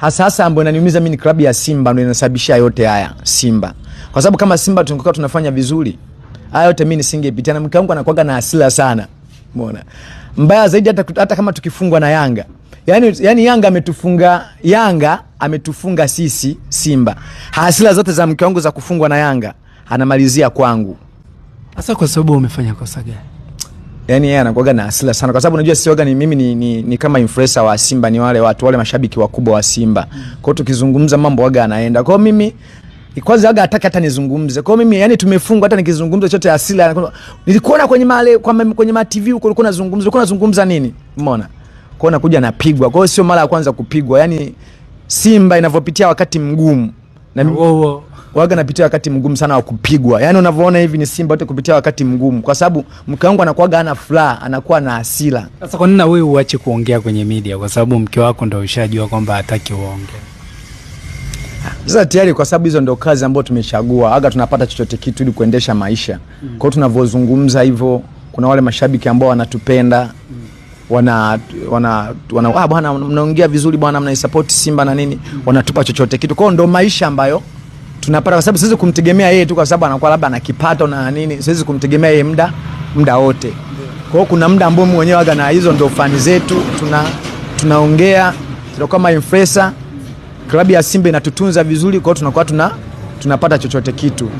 hasa hasa ambayo inaniumiza mimi ni klabu ya Simba ndio inasababisha yote haya Simba, kwa sababu kama Simba tungekuwa tunafanya vizuri haya yote mimi nisingepitia, na mke wangu anakuwa na hasira sana, umeona. Mbaya zaidi hata, hata kama tukifungwa na Yanga Yaani yani Yanga ametufunga Yanga ametufunga sisi Simba, hasira zote za mke wangu za kufungwa na Yanga anamalizia kwangu. Sasa kwa sababu umefanya kosa gani? yani yeye anakuaga na hasira sana, kwa sababu unajua sisi waga ni mimi ni, ni, ni kama influencer wa Simba, ni wale watu wale mashabiki wakubwa wa Simba. Kwa hiyo tukizungumza mambo waga anaenda. Kwa mimi kwanza waga hataki hata nizungumze. Kwa mimi yani tumefungwa, hata nikizungumza chote hasira. Nilikuona kwenye male kwa kwenye ma TV huko ulikuwa unazungumza, ulikuwa unazungumza nini? Umeona? Kwa hiyo nakuja napigwa. Kwa hiyo sio mara ya kwanza kupigwa. Yani Simba inavyopitia wakati mgumu. Na wow, wow waga napitia wakati mgumu sana wa kupigwa. Yaani unavyoona hivi ni Simba wote kupitia wakati mgumu, kwa sababu mke wangu anakuwaga ana furaha, anakuwa na hasira. Sasa kwa nini na wewe uache kuongea kwenye media? Kwa sababu mke wako ndio ushajua kwamba hataki uongee? Sasa tayari, kwa sababu hizo ndio kazi ambayo tumechagua, aga tunapata chochote kitu ili kuendesha maisha mm. Kwa hiyo tunavyozungumza hivyo, kuna wale mashabiki ambao wanatupenda mm. Wana, wana, wana, ah, bwana mnaongea vizuri bwana, mnaisapoti Simba na nini mm. Wanatupa chochote kitu kwao, ndo maisha ambayo tunapata kwa sababu siwezi kumtegemea yeye tu, kwa sababu anakuwa labda ana kipato na nini, siwezi kumtegemea yeye muda muda wote. Kwa hiyo kuna muda ambao mimi mwenyewe waga na hizo ndio fani zetu, tuna tunaongea tunakuwa kama influencer. Klabu ya Simba inatutunza vizuri, kwa hiyo tunakuwa tuna tunapata chochote kitu.